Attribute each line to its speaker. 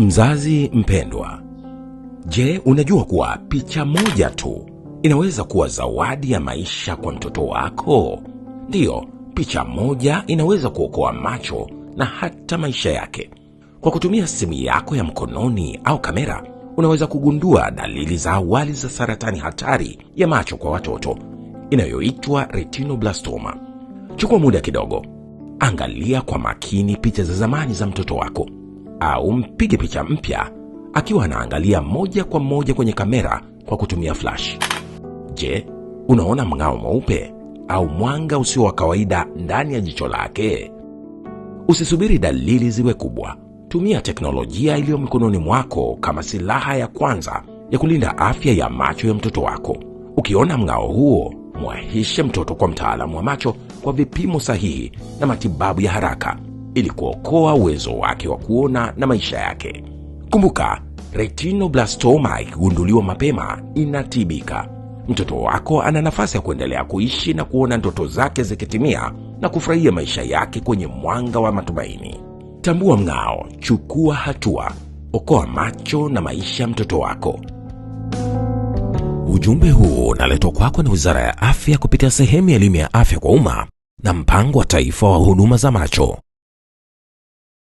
Speaker 1: Mzazi mpendwa, je, unajua kuwa picha moja tu inaweza kuwa zawadi ya maisha kwa mtoto wako? Ndiyo, picha moja inaweza kuokoa macho na hata maisha yake. Kwa kutumia simu yako ya mkononi au kamera, unaweza kugundua dalili za awali za saratani hatari ya macho kwa watoto inayoitwa retinoblastoma. Chukua muda kidogo, angalia kwa makini picha za zamani za mtoto wako au mpige picha mpya akiwa anaangalia moja kwa moja kwenye kamera kwa kutumia flash. Je, unaona mng'ao mweupe au mwanga usio wa kawaida ndani ya jicho lake? Usisubiri dalili ziwe kubwa. Tumia teknolojia iliyo mikononi mwako kama silaha ya kwanza ya kulinda afya ya macho ya mtoto wako. Ukiona mng'ao huo, mwahishe mtoto kwa mtaalamu wa macho kwa vipimo sahihi na matibabu ya haraka ili kuokoa uwezo wake wa kuona na maisha yake. Kumbuka, retinoblastoma ikigunduliwa mapema inatibika. Mtoto wako ana nafasi ya kuendelea kuishi na kuona ndoto zake zikitimia na kufurahia maisha yake kwenye mwanga wa matumaini. Tambua mng'ao, chukua hatua, okoa macho na maisha ya mtoto wako.
Speaker 2: Ujumbe huu unaletwa kwako na Wizara ya Afya kupitia sehemu ya elimu ya afya kwa umma na mpango wa taifa wa huduma za macho.